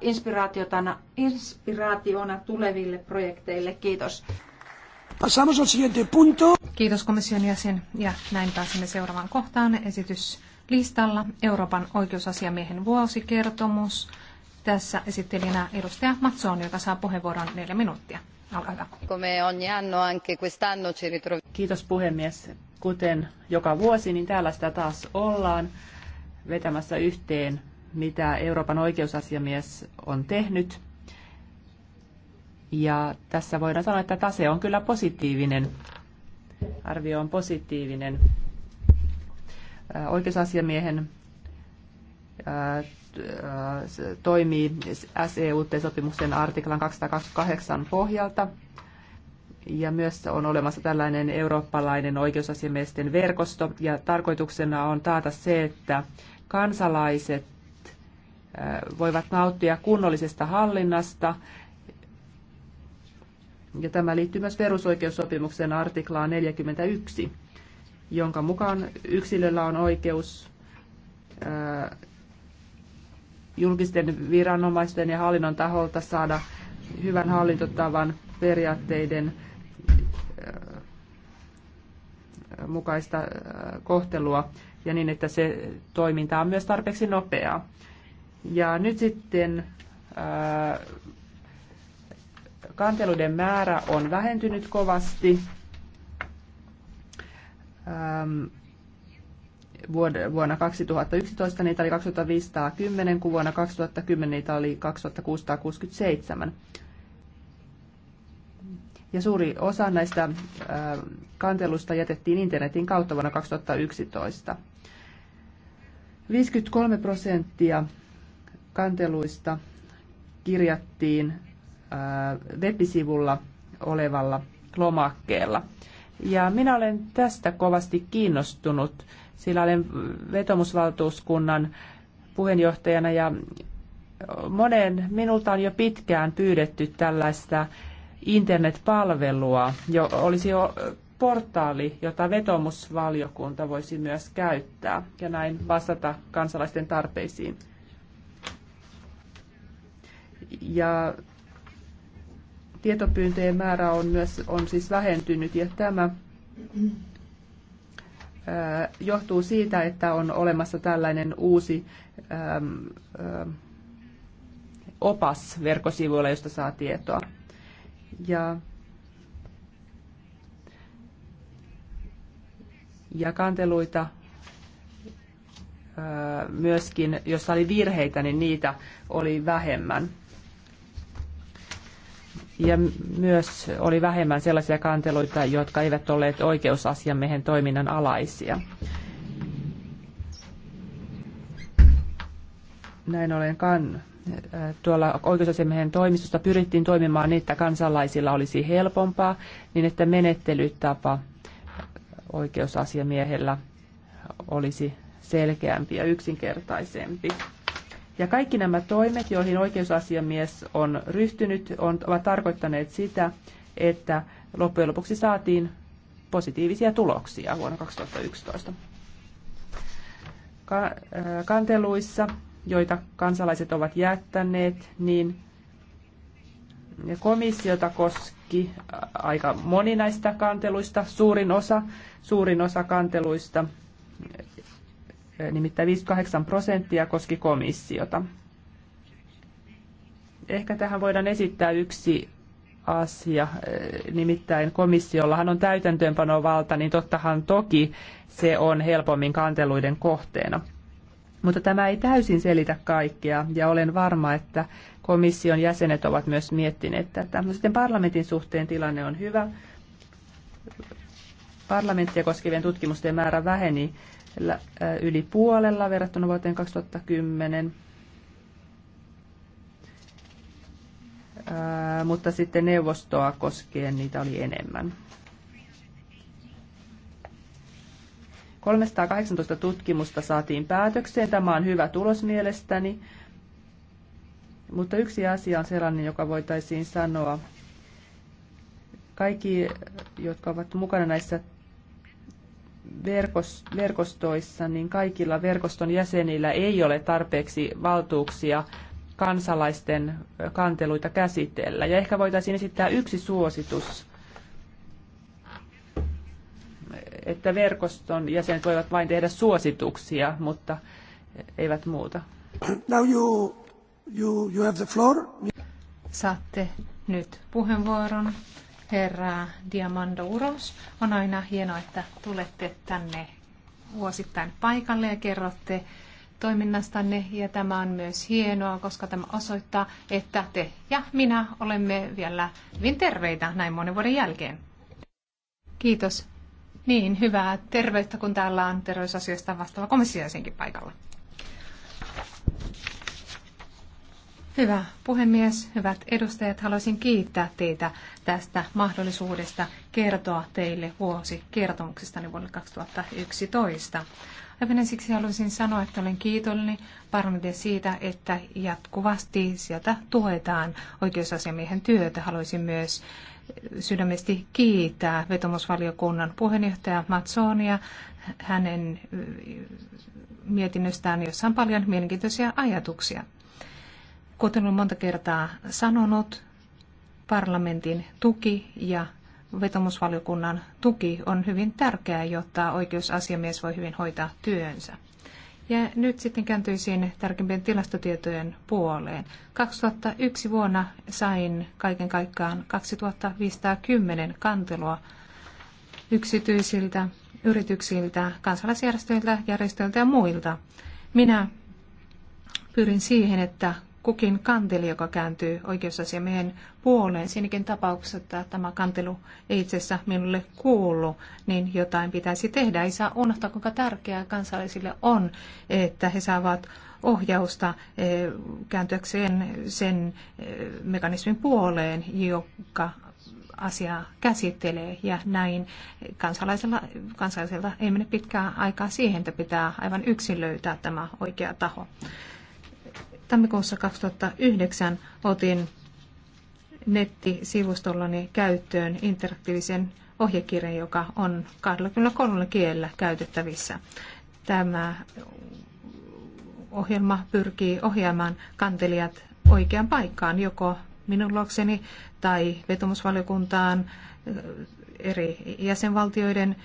inspiraatiotana, inspiraationa tuleville projekteille. Kiitos. Pasamos al siguiente punto. Kiitos komission jäsen. Ja näin pääsemme seuraavaan kohtaan esityslistalla. Euroopan oikeusasiamiehen vuosikertomus. Tässä esittelinä edustaja Matson, joka saa puheenvuoron neljä minuuttia. Olkaa hyvä. Kiitos puhemies. Kuten joka vuosi, niin täällä sitä taas ollaan vetämässä yhteen mitä Euroopan oikeusasiamies on tehnyt. Ja tässä voidaan sanoa, että tase on kyllä positiivinen. Arvio on positiivinen. Oikeusasiamiehen toimii SEUT-sopimuksen artiklan 228 pohjalta. Ja myös on olemassa tällainen eurooppalainen oikeusasiamiesten verkosto. Ja tarkoituksena on taata se, että kansalaiset voivat nauttia kunnollisesta hallinnasta. Ja tämä liittyy myös perusoikeussopimuksen artiklaan 41, jonka mukaan yksilöllä on oikeus julkisten viranomaisten ja hallinnon taholta saada hyvän hallintotavan periaatteiden mukaista kohtelua ja niin, että se toiminta on myös tarpeeksi nopeaa. Ja nyt sitten ää, äh, kanteluiden määrä on vähentynyt kovasti ähm, vuonna 2011 niitä oli 2510, kun vuonna 2010 niitä oli 2667. Ja suuri osa näistä äh, kantelusta jätettiin internetin kautta vuonna 2011. 53 prosenttia kanteluista kirjattiin webisivulla olevalla lomakkeella. Ja minä olen tästä kovasti kiinnostunut, sillä olen vetomusvaltuuskunnan puheenjohtajana ja monen, minulta on jo pitkään pyydetty tällaista internetpalvelua, jo olisi jo portaali, jota vetomusvaliokunta voisi myös käyttää ja näin vastata kansalaisten tarpeisiin ja tietopyyntöjen määrä on myös on siis vähentynyt ja tämä äh, johtuu siitä, että on olemassa tällainen uusi ähm, äh, opas verkkosivuilla, josta saa tietoa. Ja, ja kanteluita äh, myöskin, jos oli virheitä, niin niitä oli vähemmän ja myös oli vähemmän sellaisia kanteluita, jotka eivät olleet oikeusasiamiehen toiminnan alaisia. Näin ollen kan, äh, tuolla oikeusasiamiehen toimistosta pyrittiin toimimaan niin, että kansalaisilla olisi helpompaa, niin että menettelytapa oikeusasiamiehellä olisi selkeämpi ja yksinkertaisempi. Ja kaikki nämä toimet, joihin oikeusasiamies on ryhtynyt, on, ovat tarkoittaneet sitä, että loppujen lopuksi saatiin positiivisia tuloksia vuonna 2011. Ka- äh, kanteluissa, joita kansalaiset ovat jättäneet, niin komissiota koski aika moni näistä kanteluista, suurin osa, suurin osa kanteluista nimittäin 58 prosenttia koski komissiota. Ehkä tähän voidaan esittää yksi asia, nimittäin komissiollahan on täytäntöönpanovalta, niin tottahan toki se on helpommin kanteluiden kohteena. Mutta tämä ei täysin selitä kaikkea, ja olen varma, että komission jäsenet ovat myös miettineet tätä. No sitten parlamentin suhteen tilanne on hyvä. Parlamenttia koskevien tutkimusten määrä väheni yli puolella verrattuna vuoteen 2010. Mutta sitten neuvostoa koskien niitä oli enemmän. 318 tutkimusta saatiin päätökseen. Tämä on hyvä tulos mielestäni. Mutta yksi asia on sellainen, joka voitaisiin sanoa. Kaikki, jotka ovat mukana näissä verkos, verkostoissa, niin kaikilla verkoston jäsenillä ei ole tarpeeksi valtuuksia kansalaisten kanteluita käsitellä. Ja ehkä voitaisiin esittää yksi suositus, että verkoston jäsenet voivat vain tehdä suosituksia, mutta eivät muuta. Now you, you, you have the floor. Saatte nyt puheenvuoron herra Diamandouros. On aina hienoa, että tulette tänne vuosittain paikalle ja kerrotte toiminnastanne. Ja tämä on myös hienoa, koska tämä osoittaa, että te ja minä olemme vielä hyvin terveitä näin monen vuoden jälkeen. Kiitos. Niin, hyvää terveyttä, kun täällä on terveysasioista vastaava komissiojäsenkin paikalla. Hyvä puhemies, hyvät edustajat, haluaisin kiittää teitä tästä mahdollisuudesta kertoa teille vuosi kertomuksestani vuonna 2011. Aivan ensiksi haluaisin sanoa, että olen kiitollinen parhaiten siitä, että jatkuvasti sieltä tuetaan oikeusasiamiehen työtä. Haluaisin myös sydämesti kiittää vetomusvaliokunnan puheenjohtaja Matsonia hänen mietinnöstään, jossa on paljon mielenkiintoisia ajatuksia. Kuten olen monta kertaa sanonut, parlamentin tuki ja vetomusvaliokunnan tuki on hyvin tärkeää, jotta oikeusasiamies voi hyvin hoitaa työnsä. Ja nyt sitten kääntyisin tarkempien tilastotietojen puoleen. 2001 vuonna sain kaiken kaikkiaan 2510 kantelua yksityisiltä, yrityksiltä, kansalaisjärjestöiltä, järjestöiltä ja muilta. Minä pyrin siihen, että kukin kanteli, joka kääntyy oikeusasiamiehen puoleen. Siinäkin tapauksessa, että tämä kantelu ei itse asiassa minulle kuulu, niin jotain pitäisi tehdä. Ei saa unohtaa, kuinka tärkeää kansalaisille on, että he saavat ohjausta eh, kääntyäkseen sen eh, mekanismin puoleen, joka asiaa käsittelee ja näin kansalaisella, kansalaiselta ei mene pitkää aikaa siihen, että pitää aivan yksin löytää tämä oikea taho. Tammikuussa 2009 otin nettisivustollani käyttöön interaktiivisen ohjekirjan, joka on 23 kielellä käytettävissä. Tämä ohjelma pyrkii ohjaamaan kantelijat oikeaan paikkaan, joko minun luokseni tai vetomusvaliokuntaan, eri jäsenvaltioiden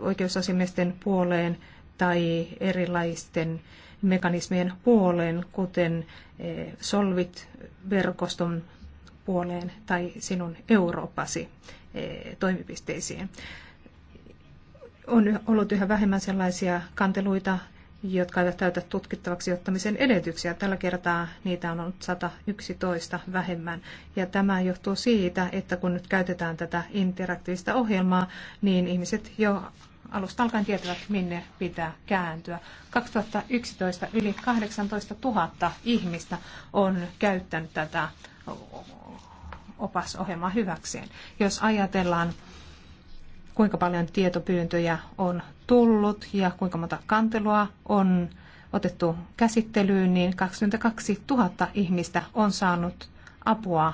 oikeusasimiesten puoleen tai erilaisten mekanismien puoleen, kuten eh, Solvit-verkoston puoleen tai sinun Euroopasi eh, toimipisteisiin. On ollut yhä vähemmän sellaisia kanteluita, jotka eivät täytä tutkittavaksi ottamisen edellytyksiä. Tällä kertaa niitä on ollut 111 vähemmän. Ja tämä johtuu siitä, että kun nyt käytetään tätä interaktiivista ohjelmaa, niin ihmiset jo alusta alkaen tietävät, minne pitää kääntyä. 2011 yli 18 000 ihmistä on käyttänyt tätä opasohjelmaa hyväkseen. Jos ajatellaan, kuinka paljon tietopyyntöjä on tullut ja kuinka monta kantelua on otettu käsittelyyn, niin 22 000 ihmistä on saanut apua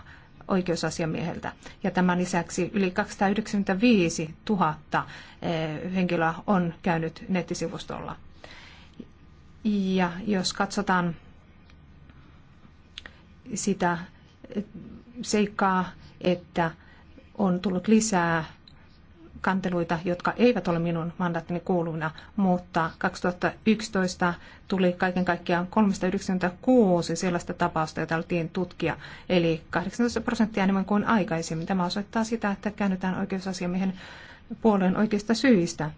oikeusasiamieheltä. Ja tämän lisäksi yli 295 000 eh, henkilöä on käynyt nettisivustolla. Ja jos katsotaan sitä eh, seikkaa, että on tullut lisää kanteluita, jotka eivät ole minun mandaattini kuuluina, mutta 2011 tuli kaiken kaikkiaan 396 sellaista tapausta, jota oltiin tutkia, eli 18 prosenttia enemmän kuin aikaisemmin. Tämä osoittaa sitä, että käännytään oikeusasiamiehen puolen oikeista syistä.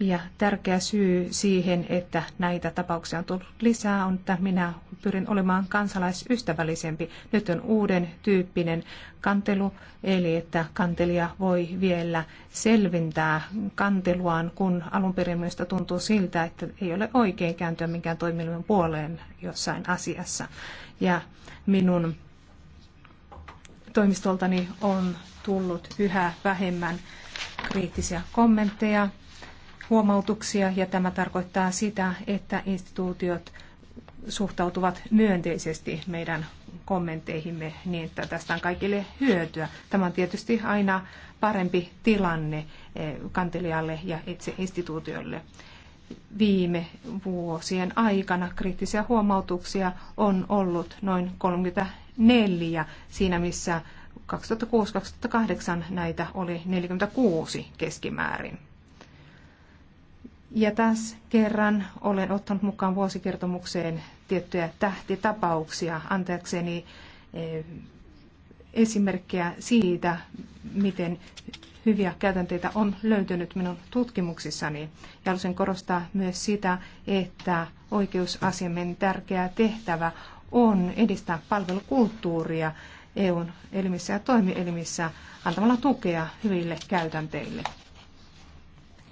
Ja tärkeä syy siihen, että näitä tapauksia on tullut lisää, on, että minä pyrin olemaan kansalaisystävällisempi. Nyt on uuden tyyppinen kantelu, eli että kantelija voi vielä selvintää kanteluaan, kun alun perin myöstä tuntuu siltä, että ei ole oikein kääntyä minkään toimielimen puoleen jossain asiassa. Ja minun toimistoltani on tullut yhä vähemmän kriittisiä kommentteja huomautuksia ja tämä tarkoittaa sitä, että instituutiot suhtautuvat myönteisesti meidän kommentteihimme niin, että tästä on kaikille hyötyä. Tämä on tietysti aina parempi tilanne eh, kantelijalle ja itse instituutiolle. Viime vuosien aikana kriittisiä huomautuksia on ollut noin 34 siinä, missä 2006-2008 näitä oli 46 keskimäärin. Ja taas kerran olen ottanut mukaan vuosikertomukseen tiettyjä tähtitapauksia antaakseni eh, esimerkkejä siitä, miten hyviä käytänteitä on löytynyt minun tutkimuksissani. Ja haluaisin korostaa myös sitä, että oikeusasiamen tärkeä tehtävä on edistää palvelukulttuuria EUn elimissä ja toimielimissä antamalla tukea hyville käytänteille.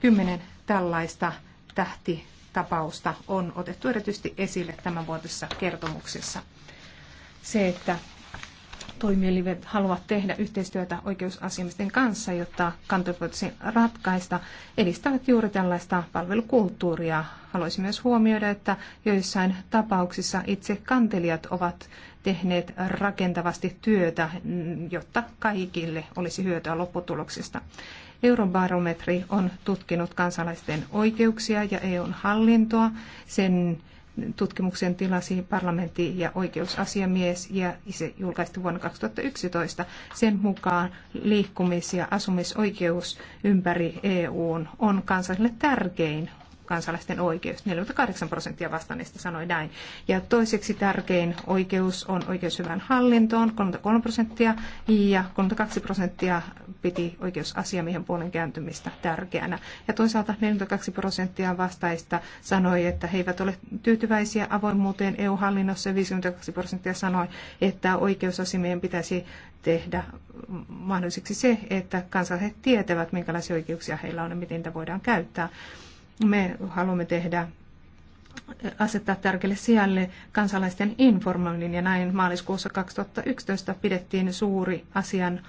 Kymmenen tällaista tähtitapausta on otettu erityisesti esille tämän vuotisessa kertomuksessa. Se, että toimielimet haluavat tehdä yhteistyötä oikeusasiamisten kanssa, jotta kantelut voitaisiin ratkaista, edistävät juuri tällaista palvelukulttuuria. Haluaisin myös huomioida, että joissain tapauksissa itse kantelijat ovat tehneet rakentavasti työtä, jotta kaikille olisi hyötyä lopputuloksesta. Eurobarometri on tutkinut kansalaisten oikeuksia ja EUn hallintoa. Sen tutkimuksen tilasi parlamentti ja oikeusasiamies ja se julkaistu vuonna 2011. Sen mukaan liikkumis- ja asumisoikeus ympäri EUn on kansalle tärkein kansalaisten oikeus. 48 prosenttia vastanneista sanoi näin. Ja toiseksi tärkein oikeus on oikeus hyvään hallintoon, 33 prosenttia, ja 32 prosenttia piti oikeusasiamiehen puolen kääntymistä tärkeänä. Ja toisaalta 42 prosenttia vastaista sanoi, että he eivät ole tyytyväisiä avoimuuteen EU-hallinnossa, ja 52 prosenttia sanoi, että oikeusasiamiehen pitäisi tehdä mahdolliseksi se, että kansalaiset tietävät, minkälaisia oikeuksia heillä on ja miten niitä voidaan käyttää. Me haluamme tehdä asettaa tärkeälle sijalle kansalaisten informoinnin ja näin maaliskuussa 2011 pidettiin suuri asian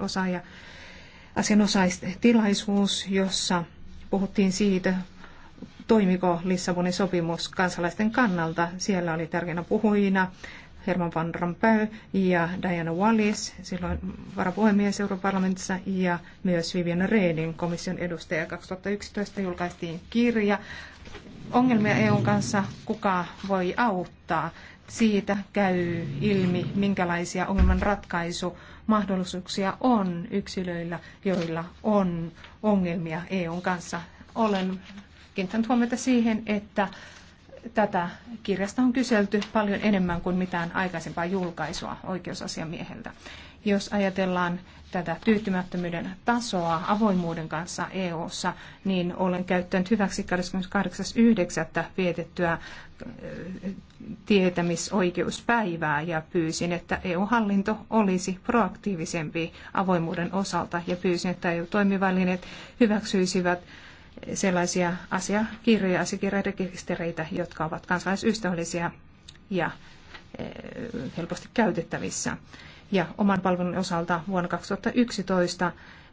osaaja, asianosaistilaisuus, jossa puhuttiin siitä, toimiko Lissabonin sopimus kansalaisten kannalta. Siellä oli tärkeänä puhujina Herman van Rompuy ja Diana Wallis, silloin varapuhemies Euroopan parlamentissa, ja myös Vivian Reding, komission edustaja. 2011 julkaistiin kirja Ongelmia EUn kanssa, kuka voi auttaa. Siitä käy ilmi, minkälaisia ongelman ratkaisumahdollisuuksia on yksilöillä, joilla on ongelmia EUn kanssa. Olen kiinnittänyt huomiota siihen, että tätä kirjasta on kyselty paljon enemmän kuin mitään aikaisempaa julkaisua oikeusasiamieheltä. Jos ajatellaan tätä tyytymättömyyden tasoa avoimuuden kanssa EU:ssa, niin olen käyttänyt hyväksi 28.9. vietettyä tietämisoikeuspäivää ja pyysin, että EU-hallinto olisi proaktiivisempi avoimuuden osalta ja pyysin, että EU-toimivälineet hyväksyisivät sellaisia asiakirjoja, asiakirjarekistereitä, jotka ovat kansalaisystävällisiä ja eh, helposti käytettävissä. Ja oman palvelun osalta vuonna 2011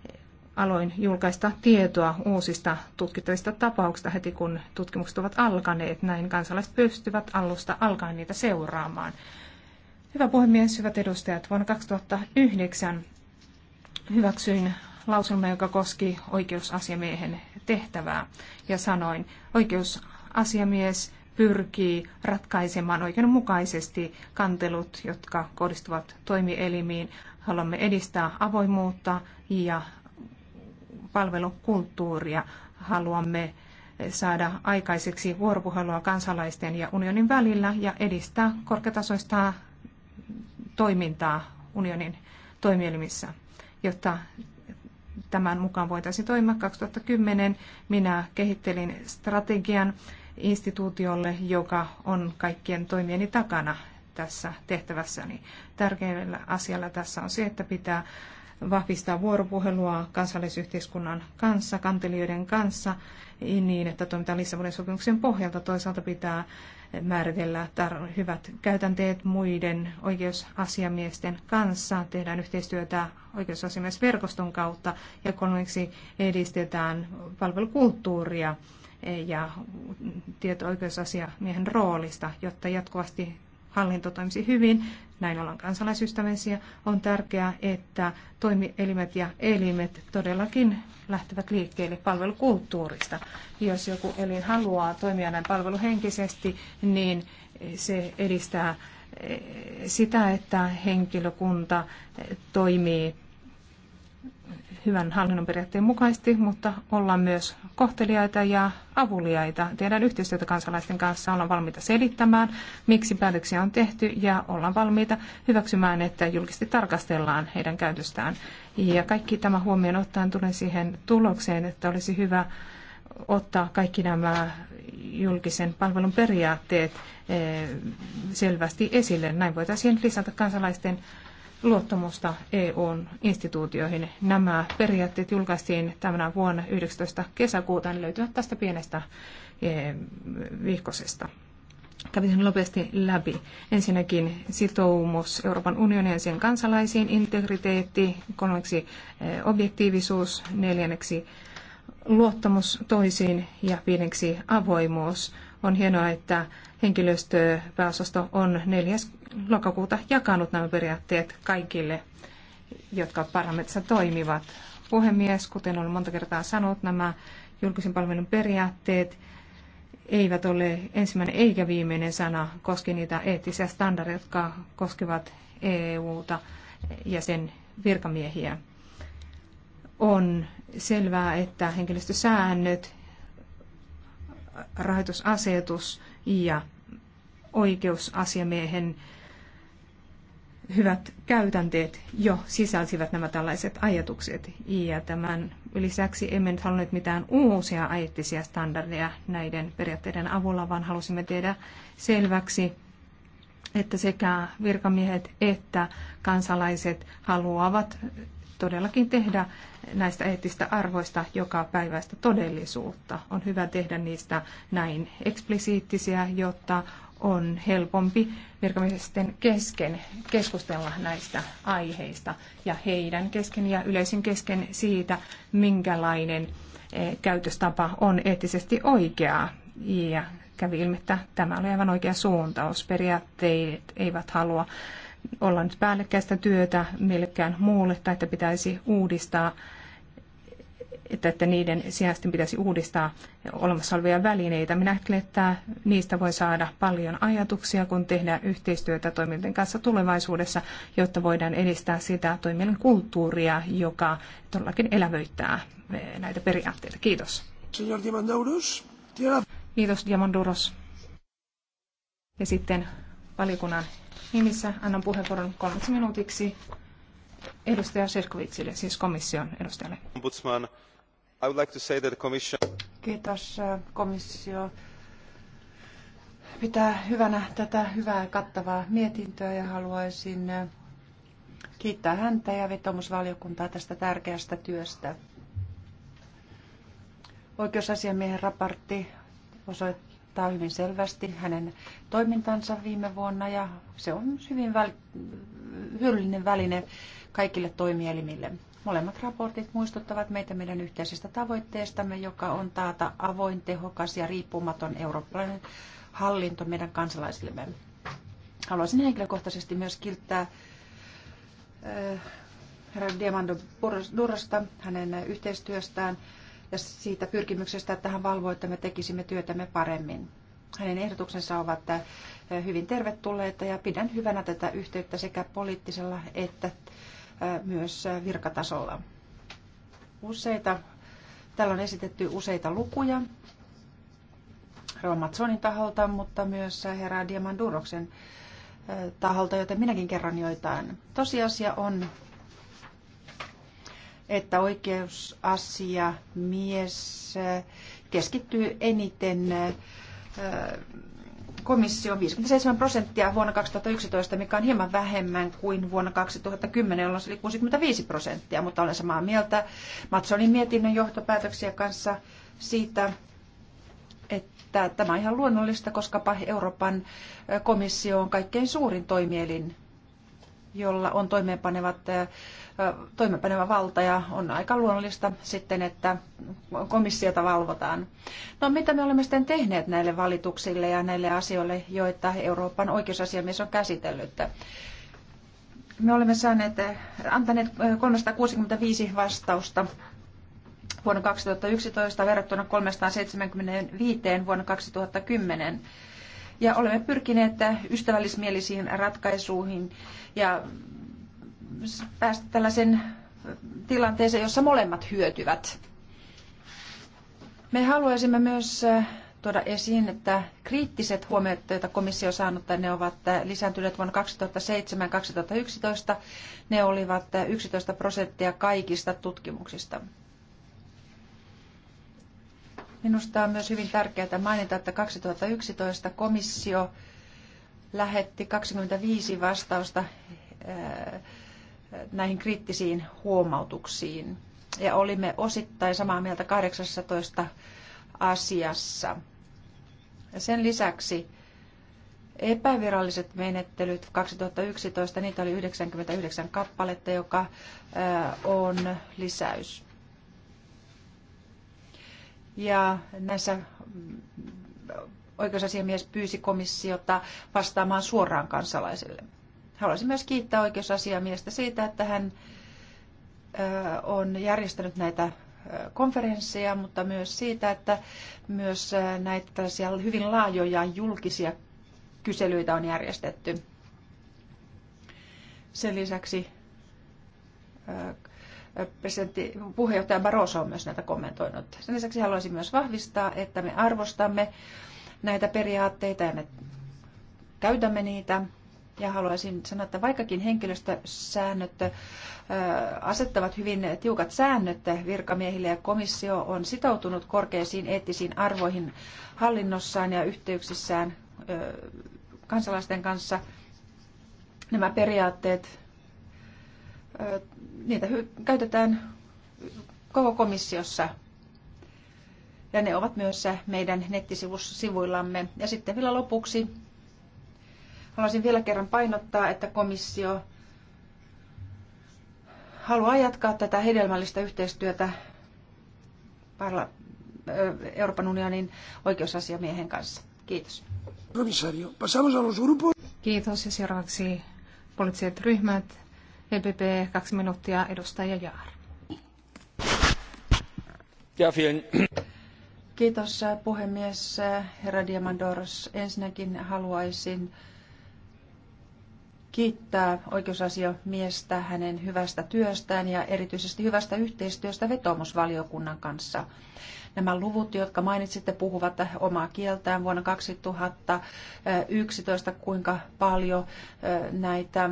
eh, aloin julkaista tietoa uusista tutkittavista tapauksista heti kun tutkimukset ovat alkaneet. Näin kansalaiset pystyvät alusta alkaen niitä seuraamaan. Hyvä puhemies, hyvät edustajat, vuonna 2009 hyväksyin lauselma, joka koski oikeusasiamiehen tehtävää. Ja sanoin, oikeusasiamies pyrkii ratkaisemaan oikeudenmukaisesti kantelut, jotka kohdistuvat toimielimiin. Haluamme edistää avoimuutta ja palvelukulttuuria. Haluamme saada aikaiseksi vuoropuhelua kansalaisten ja unionin välillä ja edistää korkeatasoista toimintaa unionin toimielimissä, jotta tämän mukaan voitaisiin toimia. 2010 minä kehittelin strategian instituutiolle, joka on kaikkien toimieni takana tässä tehtävässäni. Tärkeällä asialla tässä on se, että pitää vahvistaa vuoropuhelua kansallisyhteiskunnan kanssa, kantelijoiden kanssa, niin että toimitaan Lissabonin sopimuksen pohjalta. Toisaalta pitää määritellä tar- hyvät käytänteet muiden oikeusasiamiesten kanssa, tehdään yhteistyötä oikeusasiamiesverkoston kautta ja kolmeksi edistetään palvelukulttuuria ja tieto oikeusasiamiehen roolista, jotta jatkuvasti hallinto toimisi hyvin, näin ollaan kansalaisystävällisiä, on tärkeää, että toimielimet ja elimet todellakin lähtevät liikkeelle palvelukulttuurista. Jos joku elin haluaa toimia näin palveluhenkisesti, niin se edistää eh, sitä, että henkilökunta eh, toimii hyvän hallinnon periaatteen mukaisesti, mutta olla myös kohteliaita ja avuliaita. Tehdään yhteistyötä kansalaisten kanssa, ollaan valmiita selittämään, miksi päätöksiä on tehty ja ollaan valmiita hyväksymään, että julkisesti tarkastellaan heidän käytöstään. Ja kaikki tämä huomioon ottaen tulen siihen tulokseen, että olisi hyvä ottaa kaikki nämä julkisen palvelun periaatteet eh, selvästi esille. Näin voitaisiin lisätä kansalaisten luottamusta EUn instituutioihin. Nämä periaatteet julkaistiin tämänä vuonna 19. kesäkuuta, ne löytyvät tästä pienestä eh, vihkosesta. Kävisin nopeasti läpi. Ensinnäkin sitoumus Euroopan unionin ja sen kansalaisiin, integriteetti, kolmeksi eh, objektiivisuus, neljänneksi luottamus toisiin ja viidenneksi avoimuus. On hienoa, että henkilöstöpääosasto on 4. lokakuuta jakanut nämä periaatteet kaikille, jotka parlamentissa toimivat. Puhemies, kuten olen monta kertaa sanonut, nämä julkisen palvelun periaatteet eivät ole ensimmäinen eikä viimeinen sana koskien niitä eettisiä standardeja, jotka koskevat EUta ja sen virkamiehiä. On selvää, että henkilöstösäännöt rahoitusasetus ja oikeusasiamiehen hyvät käytänteet jo sisälsivät nämä tällaiset ajatukset. Ja tämän lisäksi emme nyt halunneet mitään uusia aettisia standardeja näiden periaatteiden avulla, vaan halusimme tehdä selväksi, että sekä virkamiehet että kansalaiset haluavat todellakin tehdä näistä eettistä arvoista joka päiväistä todellisuutta. On hyvä tehdä niistä näin eksplisiittisiä, jotta on helpompi virkamiesten kesken keskustella näistä aiheista ja heidän kesken ja yleisin kesken siitä, minkälainen eh, käytöstapa on eettisesti oikeaa. Ja kävi ilmi, että tämä oli aivan oikea suuntaus. Periaatteet eivät halua olla nyt päällekkäistä työtä millekään muulle tai että pitäisi uudistaa että, että niiden sijasta pitäisi uudistaa olemassa olevia välineitä. Minä ajattelen, että niistä voi saada paljon ajatuksia, kun tehdään yhteistyötä toimijoiden kanssa tulevaisuudessa, jotta voidaan edistää sitä toimijan kulttuuria, joka todellakin elävöittää näitä periaatteita. Kiitos. Diamandouros. Kiitos, Diamandouros. Ja sitten valiokunnan nimissä annan puheenvuoron kolmeksi minuutiksi edustaja Seskovitsille, siis komission edustajalle. Ombudsman, I would like to say that the commission... Kiitos äh, komissio pitää hyvänä tätä hyvää kattavaa mietintöä ja haluaisin äh, kiittää häntä ja vetomusvaliokuntaa tästä tärkeästä työstä. Oikeusasiamiehen raportti osoittaa, osoittaa hyvin selvästi hänen toimintansa viime vuonna ja se on hyvin väl, hyödyllinen väline kaikille toimielimille. Molemmat raportit muistuttavat meitä meidän yhteisestä tavoitteestamme, joka on taata avoin, tehokas ja riippumaton eurooppalainen hallinto meidän kansalaisillemme. Haluaisin henkilökohtaisesti myös kilttää eh, herra Diamando Durrasta hänen yhteistyöstään – ja siitä pyrkimyksestä, että hän valvoi, että me tekisimme työtämme paremmin. Hänen ehdotuksensa ovat äh, hyvin tervetulleita ja pidän hyvänä tätä yhteyttä sekä poliittisella että äh, myös virkatasolla. Useita, täällä on esitetty useita lukuja Romatsonin taholta, mutta myös herra Diamanduroksen äh, taholta, joten minäkin kerron joitain. Tosiasia on, että oikeusasia mies eh, keskittyy eniten eh, komissio 57 prosenttia vuonna 2011, mikä on hieman vähemmän kuin vuonna 2010, jolloin se oli 65 prosenttia, mutta olen samaa mieltä Matsonin mietinnön johtopäätöksiä kanssa siitä, että tämä on ihan luonnollista, koska Euroopan komissio on kaikkein suurin toimielin jolla on toimeenpanevat, toimeenpaneva valta ja on aika luonnollista sitten, että komissiota valvotaan. No mitä me olemme sitten tehneet näille valituksille ja näille asioille, joita Euroopan oikeusasiamies on käsitellyt? Me olemme saaneet, antaneet 365 vastausta vuonna 2011 verrattuna 375 vuonna 2010 ja olemme pyrkineet ystävällismielisiin ratkaisuihin ja päästä tällaisen tilanteeseen, jossa molemmat hyötyvät. Me haluaisimme myös äh, tuoda esiin, että kriittiset huomiot, joita komissio on saanut, ne ovat äh, lisääntyneet vuonna 2007-2011. Ne olivat 11 äh, prosenttia kaikista tutkimuksista. Minusta on myös hyvin tärkeää mainita, että 2011 komissio lähetti 25 vastausta näihin kriittisiin huomautuksiin. Ja olimme osittain samaa mieltä 18 asiassa. Sen lisäksi epäviralliset menettelyt 2011, niitä oli 99 kappaletta, joka on lisäys ja näissä mm, oikeusasiamies pyysi komissiota vastaamaan suoraan kansalaisille. Haluaisin myös kiittää oikeusasiamiestä siitä, että hän on järjestänyt näitä konferensseja, mutta myös siitä, että myös näitä siellä hyvin laajoja julkisia kyselyitä on järjestetty. Sen lisäksi presidentti, puheenjohtaja Barroso on myös näitä kommentoinut. Sen lisäksi haluaisin myös vahvistaa, että me arvostamme näitä periaatteita ja me käytämme niitä. Ja haluaisin sanoa, että vaikkakin henkilöstösäännöt asettavat hyvin tiukat säännöt virkamiehille ja komissio on sitoutunut korkeisiin eettisiin arvoihin hallinnossaan ja yhteyksissään kansalaisten kanssa, nämä periaatteet niitä käytetään koko komissiossa ja ne ovat myös meidän nettisivuillamme. Ja sitten vielä lopuksi haluaisin vielä kerran painottaa, että komissio haluaa jatkaa tätä hedelmällistä yhteistyötä Euroopan unionin oikeusasiamiehen kanssa. Kiitos. Komissario, pasamos a los grupos. Kiitos ja seuraavaksi poliittiset ryhmät. EPP, kaksi minuuttia, edustaja Jaar. Kiitos puhemies, herra Diamandoros. Ensinnäkin haluaisin kiittää oikeusasiamiestä hänen hyvästä työstään ja erityisesti hyvästä yhteistyöstä vetoomusvaliokunnan kanssa. Nämä luvut, jotka mainitsitte, puhuvat omaa kieltään vuonna 2011, kuinka paljon näitä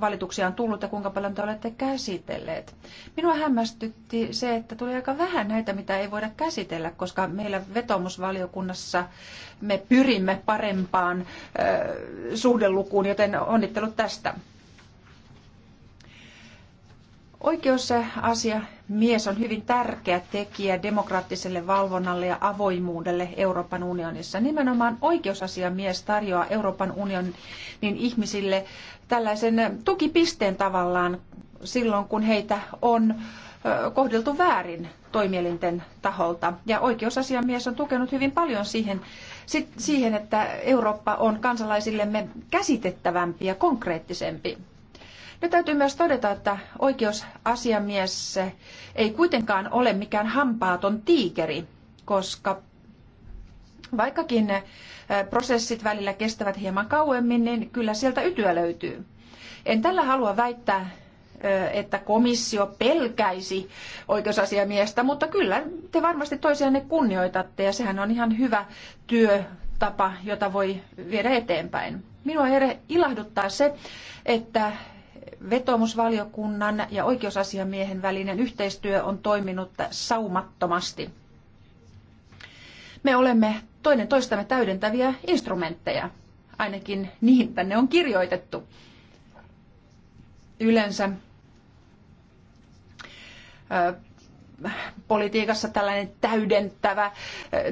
valituksia on tullut ja kuinka paljon te olette käsitelleet. Minua hämmästytti se, että tuli aika vähän näitä, mitä ei voida käsitellä, koska meillä vetomusvaliokunnassa me pyrimme parempaan äh, suhdelukuun, joten onnittelut tästä. Oikeusasia mies on hyvin tärkeä tekijä demokraattiselle valvonnalle ja avoimuudelle Euroopan unionissa. Nimenomaan oikeusasiamies tarjoaa Euroopan unionin ihmisille tällaisen tukipisteen tavallaan silloin, kun heitä on kohdeltu väärin toimielinten taholta. Ja oikeusasiamies on tukenut hyvin paljon siihen, siihen että Eurooppa on kansalaisillemme käsitettävämpi ja konkreettisempi. Nyt täytyy myös todeta, että oikeusasiamies ei kuitenkaan ole mikään hampaaton tiikeri, koska vaikkakin eh, prosessit välillä kestävät hieman kauemmin, niin kyllä sieltä ytyä löytyy. En tällä halua väittää, eh, että komissio pelkäisi oikeusasiamiestä, mutta kyllä te varmasti toisianne kunnioitatte ja sehän on ihan hyvä työtapa, jota voi viedä eteenpäin. Minua ilahduttaa se, että vetomusvaliokunnan ja oikeusasiamiehen välinen yhteistyö on toiminut saumattomasti. Me olemme toinen toistamme täydentäviä instrumentteja, ainakin niin tänne on kirjoitettu. Yleensä politiikassa tällainen täydentävä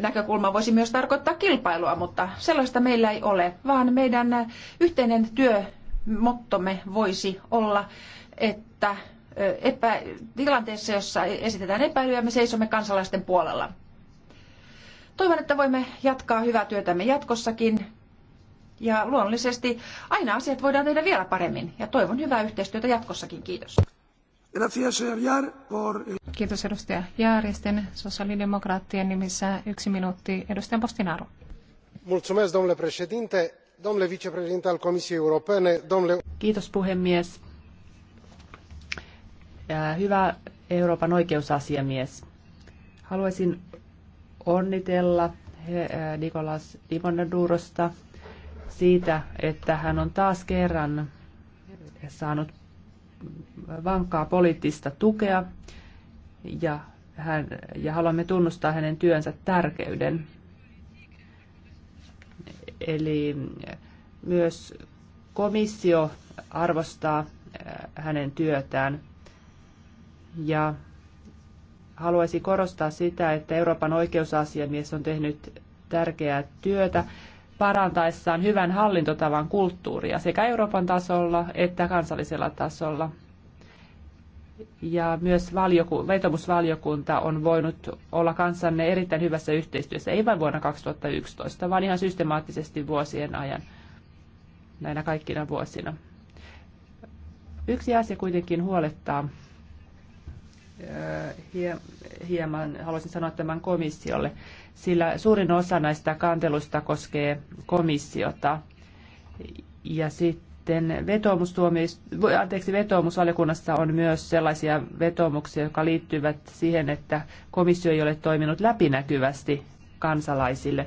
näkökulma voisi myös tarkoittaa kilpailua, mutta sellaista meillä ei ole, vaan meidän yhteinen työ mottomme voisi olla, että epä, tilanteessa, jossa esitetään epäilyä, me seisomme kansalaisten puolella. Toivon, että voimme jatkaa hyvää työtämme jatkossakin. Ja luonnollisesti aina asiat voidaan tehdä vielä paremmin. Ja toivon hyvää yhteistyötä jatkossakin. Kiitos. Kiitos edustaja Jääristen sosiaalidemokraattien nimissä yksi minuutti edustajan Postinaru. Mulțumesc, domnule președinte domnule vicepreședinte al Comisiei Europene, domnule... Kiitos puhemies. Hyvä Euroopan oikeusasiamies. Haluaisin onnitella eh, Nikolas Dimonadurosta siitä, että hän on taas kerran saanut vankkaa poliittista tukea ja, hän, ja haluamme tunnustaa hänen työnsä tärkeyden. Eli myös komissio arvostaa äh, hänen työtään. Ja haluaisin korostaa sitä, että Euroopan oikeusasiamies on tehnyt tärkeää työtä parantaessaan hyvän hallintotavan kulttuuria sekä Euroopan tasolla että kansallisella tasolla ja myös valioku- vetomusvaliokunta on voinut olla kanssanne erittäin hyvässä yhteistyössä, ei vain vuonna 2011, vaan ihan systemaattisesti vuosien ajan, näinä kaikkina vuosina. Yksi asia kuitenkin huolettaa hieman, haluaisin sanoa tämän komissiolle, sillä suurin osa näistä kanteluista koskee komissiota ja sitten sitten vetoomustuomioist... anteeksi, vetoomusvaliokunnassa on myös sellaisia vetoomuksia, jotka liittyvät siihen, että komissio ei ole toiminut läpinäkyvästi kansalaisille.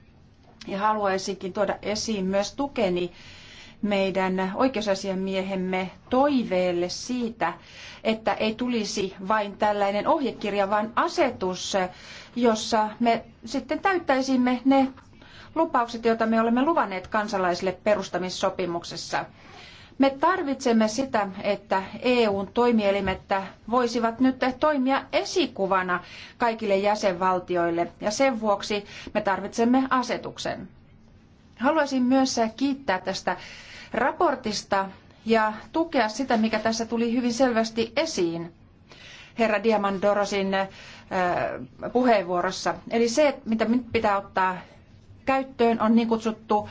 ja haluaisinkin tuoda esiin myös tukeni meidän oikeusasiamiehemme toiveelle siitä, että ei tulisi vain tällainen ohjekirja, vaan asetus, jossa me sitten täyttäisimme ne lupaukset, joita me olemme luvanneet kansalaisille perustamissopimuksessa. Me tarvitsemme sitä, että EUn toimielimet voisivat nyt toimia esikuvana kaikille jäsenvaltioille ja sen vuoksi me tarvitsemme asetuksen. Haluaisin myös kiittää tästä raportista ja tukea sitä, mikä tässä tuli hyvin selvästi esiin herra Diamandorosin äh, puheenvuorossa. Eli se, mitä nyt pitää ottaa käyttöön, on niin kutsuttu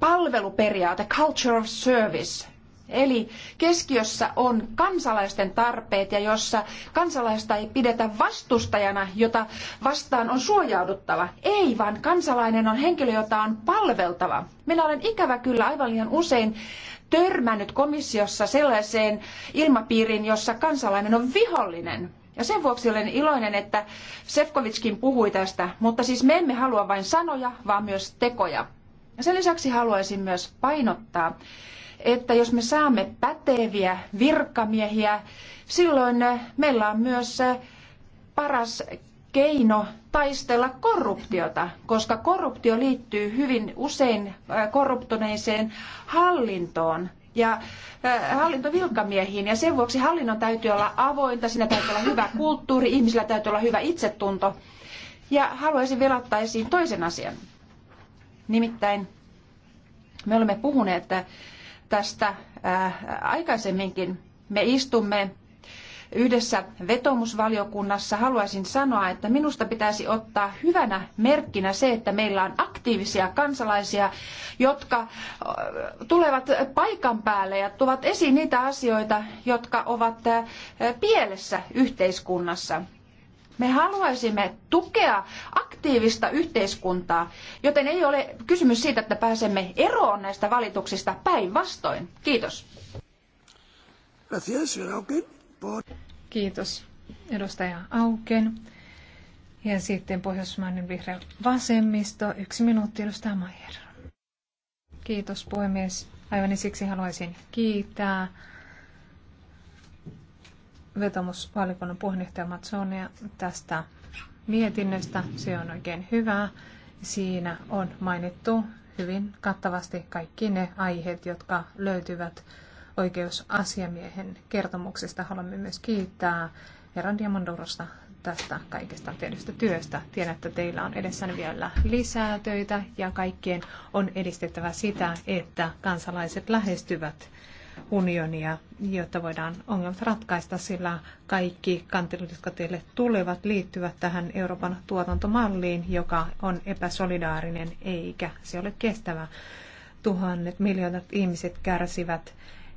palveluperiaate, culture of service, Eli keskiössä on kansalaisten tarpeet ja jossa kansalaista ei pidetä vastustajana, jota vastaan on suojauduttava. Ei, vaan kansalainen on henkilö, jota on palveltava. Minä olen ikävä kyllä aivan liian usein törmännyt komissiossa sellaiseen ilmapiiriin, jossa kansalainen on vihollinen. Ja sen vuoksi olen iloinen, että Sefkovitskin puhui tästä, mutta siis me emme halua vain sanoja, vaan myös tekoja. Sen lisäksi haluaisin myös painottaa, että jos me saamme päteviä virkamiehiä, silloin meillä on myös eh, paras keino taistella korruptiota, koska korruptio liittyy hyvin usein eh, korruptoneiseen hallintoon ja eh, hallintovilkamiehiin. Ja sen vuoksi hallinnon täytyy olla avointa, siinä täytyy olla hyvä kulttuuri, ihmisillä täytyy olla hyvä itsetunto. Ja haluaisin vielä ottaa esiin toisen asian. Nimittäin me olemme puhuneet tästä äh, aikaisemminkin. Me istumme yhdessä vetomusvaliokunnassa haluaisin sanoa, että minusta pitäisi ottaa hyvänä merkkinä se, että meillä on aktiivisia kansalaisia, jotka äh, tulevat paikan päälle ja tuovat esiin niitä asioita, jotka ovat äh, pielessä yhteiskunnassa. Me haluaisimme tukea aktiivista yhteiskuntaa, joten ei ole kysymys siitä, että pääsemme eroon näistä valituksista päinvastoin. Kiitos. Kiitos edustaja Auken. Ja sitten pohjoismainen vihreä vasemmisto. Yksi minuutti edustaja Maier. Kiitos puhemies. Aivan siksi haluaisin kiittää vetomusvalikunnan puheenjohtaja Matsonia tästä mietinnöstä. Se on oikein hyvä. Siinä on mainittu hyvin kattavasti kaikki ne aiheet, jotka löytyvät oikeusasiamiehen kertomuksesta. Haluamme myös kiittää herran Diamandorosta tästä kaikesta tehdystä työstä. Tiedän, että teillä on edessä vielä lisää töitä ja kaikkien on edistettävä sitä, että kansalaiset lähestyvät unionia, jotta voidaan ongelmat ratkaista, sillä kaikki kantelut, jotka teille tulevat, liittyvät tähän Euroopan tuotantomalliin, joka on epäsolidaarinen eikä se ole kestävä. Tuhannet, miljoonat ihmiset kärsivät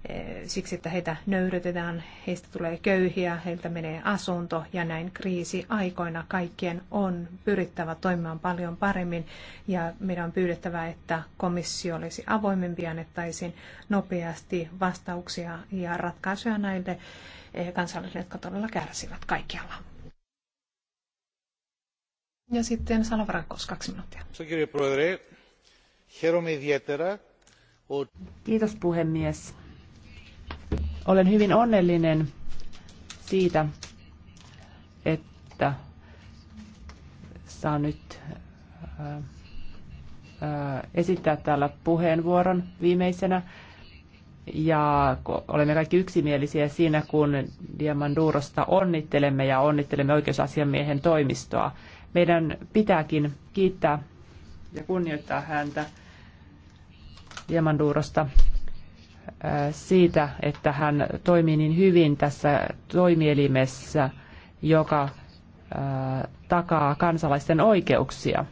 Eh, siksi, että heitä nöyrytetään, heistä tulee köyhiä, heiltä menee asunto ja näin kriisiaikoina kaikkien on pyrittävä toimimaan paljon paremmin ja meidän on pyydettävä, että komissio olisi avoimempi ja annettaisiin nopeasti vastauksia ja ratkaisuja näille eh, kansalaisille, jotka todella kärsivät kaikkialla. Ja sitten Salavarakos, kaksi minuuttia. Kiitos puhemies olen hyvin onnellinen siitä, että saan nyt esittää täällä puheenvuoron viimeisenä. Ja olemme kaikki yksimielisiä siinä, kun Diamandurosta onnittelemme ja onnittelemme oikeusasiamiehen toimistoa. Meidän pitääkin kiittää ja kunnioittaa häntä Diamandurosta siitä, että hän toimii niin hyvin tässä toimielimessä, joka takaa kansalaisten oikeuksia.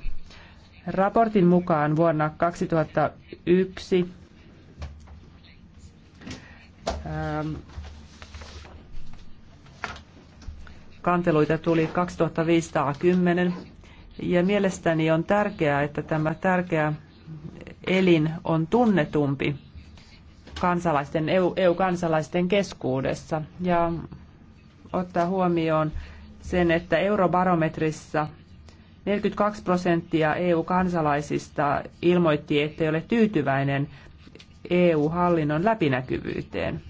Raportin mukaan vuonna 2001 ähm, kanteluita tuli 2510 ja mielestäni on tärkeää, että tämä tärkeä elin on tunnetumpi kansalaisten, EU-kansalaisten keskuudessa ja ottaa huomioon sen, että eurobarometrissa 42 prosenttia EU-kansalaisista ilmoitti, että ei ole tyytyväinen EU-hallinnon läpinäkyvyyteen.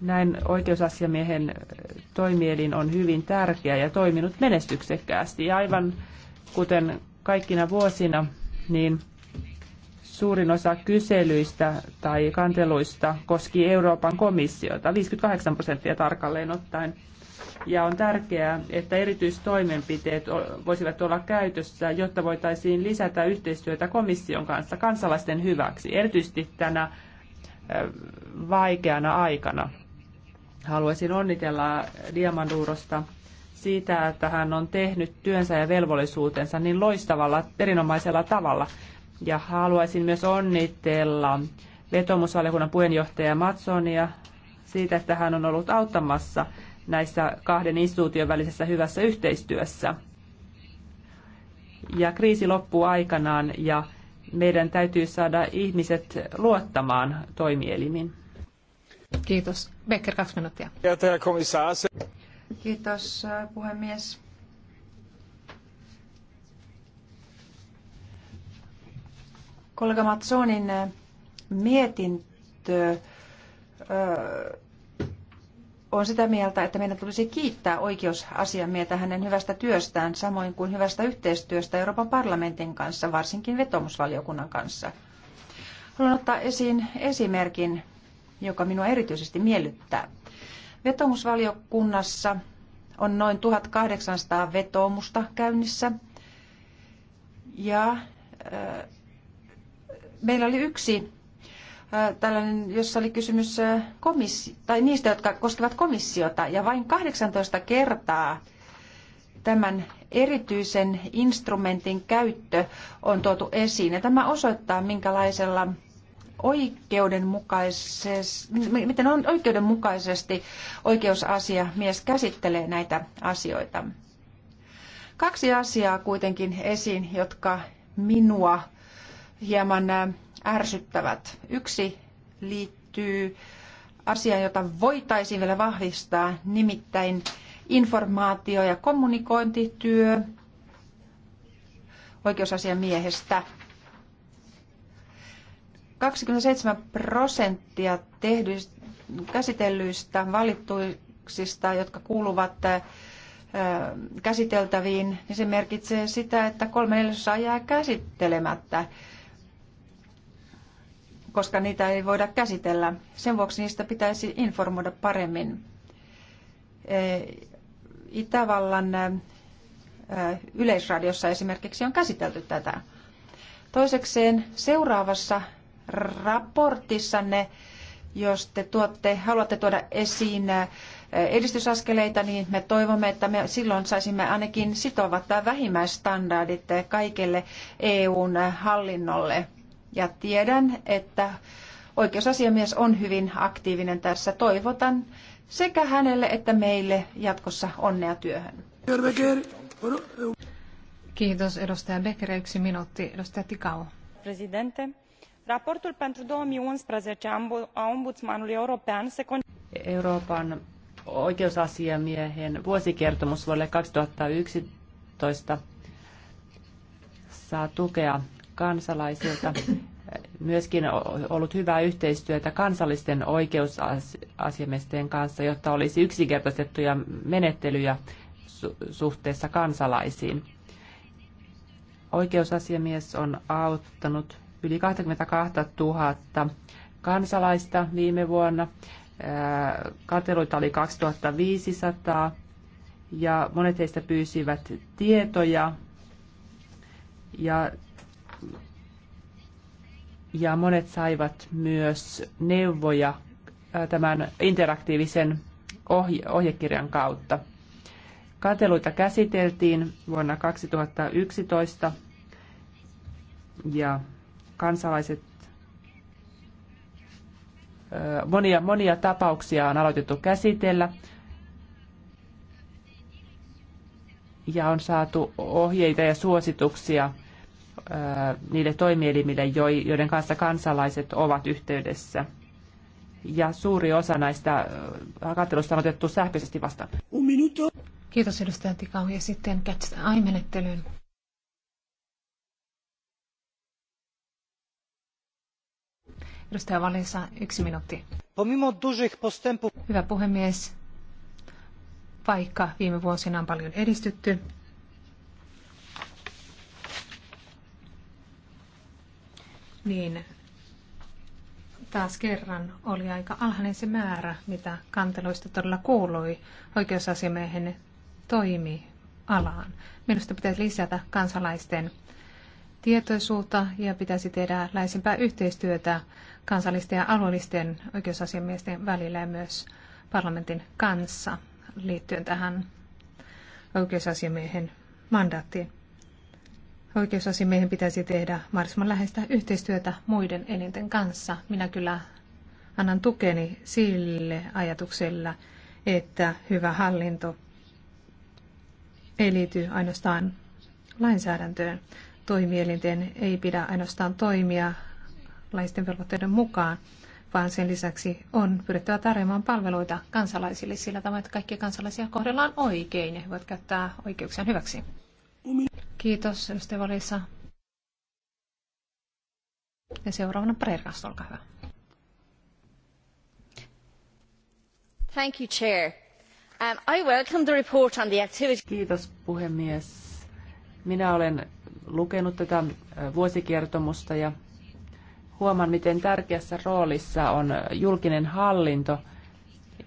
Näin oikeusasiamiehen toimielin on hyvin tärkeä ja toiminut menestyksekkäästi. Ja aivan kuten kaikkina vuosina, niin suurin osa kyselyistä tai kanteluista koski Euroopan komissiota, 58 prosenttia tarkalleen ottaen. Ja on tärkeää, että erityistoimenpiteet voisivat olla käytössä, jotta voitaisiin lisätä yhteistyötä komission kanssa kansalaisten hyväksi, erityisesti tänä vaikeana aikana. Haluaisin onnitella Diamandurosta siitä, että hän on tehnyt työnsä ja velvollisuutensa niin loistavalla, erinomaisella tavalla. Ja haluaisin myös onnitella vetomusvaliokunnan puheenjohtaja Matsonia siitä, että hän on ollut auttamassa näissä kahden instituution välisessä hyvässä yhteistyössä. Ja kriisi loppuu aikanaan ja meidän täytyy saada ihmiset luottamaan toimielimiin. Kiitos. Becker, kaksi minuuttia. Kiitos puhemies. Kollega Matsonin eh, mietintö eh, on sitä mieltä, että meidän tulisi kiittää oikeusasiamiestä hänen hyvästä työstään, samoin kuin hyvästä yhteistyöstä Euroopan parlamentin kanssa, varsinkin vetomusvaliokunnan kanssa. Haluan ottaa esiin esimerkin, joka minua erityisesti miellyttää. Vetomusvaliokunnassa on noin 1800 vetoomusta käynnissä ja eh, meillä oli yksi tällainen, jossa oli kysymys komissi- tai niistä, jotka koskevat komissiota, ja vain 18 kertaa tämän erityisen instrumentin käyttö on tuotu esiin. Ja tämä osoittaa, minkälaisella oikeudenmukaisesti, miten on oikeudenmukaisesti mies käsittelee näitä asioita. Kaksi asiaa kuitenkin esiin, jotka minua hieman ärsyttävät. Yksi liittyy asiaan, jota voitaisiin vielä vahvistaa, nimittäin informaatio- ja kommunikointityö oikeusasiamiehestä. 27 prosenttia käsitellyistä valittuiksista, jotka kuuluvat käsiteltäviin, niin se merkitsee sitä, että kolme neljäsosaa jää käsittelemättä koska niitä ei voida käsitellä. Sen vuoksi niistä pitäisi informoida paremmin. E, Itävallan e, yleisradiossa esimerkiksi on käsitelty tätä. Toisekseen seuraavassa raportissanne, jos te tuotte, haluatte tuoda esiin e, edistysaskeleita, niin me toivomme, että me silloin saisimme ainakin sitovat tai vähimmäisstandardit kaikille EUn hallinnolle. Ja tiedän, että oikeusasiamies on hyvin aktiivinen tässä. Toivotan sekä hänelle että meille jatkossa onnea työhön. Kiitos edustaja Becker. Yksi minuutti. Edustaja Tikau. Presidente, raportul pentru 2011 a ombudsmanului european se Euroopan oikeusasiamiehen vuosikertomus vuodelle 2011 saa tukea kansalaisilta. Myöskin ollut hyvää yhteistyötä kansallisten oikeusasiamiesten kanssa, jotta olisi yksinkertaistettuja menettelyjä suhteessa kansalaisiin. Oikeusasiamies on auttanut yli 22 000 kansalaista viime vuonna. Kateluita oli 2500 ja monet heistä pyysivät tietoja ja ja monet saivat myös neuvoja tämän interaktiivisen ohje- ohjekirjan kautta. Kanteluita käsiteltiin vuonna 2011 ja kansalaiset monia, monia tapauksia on aloitettu käsitellä ja on saatu ohjeita ja suosituksia Äh, niille toimielimille, joiden kanssa kansalaiset ovat yhteydessä. Ja suuri osa näistä äh, kattelusta on otettu sähköisesti vastaan. Kiitos edustaja Tikau ja sitten catch menettelyyn Edustaja Valinsa, yksi minuutti. Hyvä puhemies, vaikka viime vuosina on paljon edistytty, niin taas kerran oli aika alhainen se määrä, mitä kanteluista todella kuului oikeusasiamiehen toimialaan. Minusta pitäisi lisätä kansalaisten tietoisuutta ja pitäisi tehdä läheisempää yhteistyötä kansallisten ja alueellisten oikeusasiamiesten välillä ja myös parlamentin kanssa liittyen tähän oikeusasiamiehen mandaattiin oikeusasiamiehen pitäisi tehdä mahdollisimman läheistä yhteistyötä muiden elinten kanssa. Minä kyllä annan tukeni sille ajatuksella, että hyvä hallinto ei liity ainoastaan lainsäädäntöön. Toimielinten ei pidä ainoastaan toimia laisten velvoitteiden mukaan, vaan sen lisäksi on pyrittävä tarjoamaan palveluita kansalaisille sillä tavalla, että kaikkia kansalaisia kohdellaan oikein ja he voivat käyttää oikeuksiaan hyväksi. Kiitos, edustaja Valissa. Ja seuraavana Preirkas, olkaa hyvä. Thank you, Chair. Um, I welcome the report on the activity... Kiitos, puhemies. Minä olen lukenut tätä äh, vuosikertomusta ja huomaan, miten tärkeässä roolissa on julkinen hallinto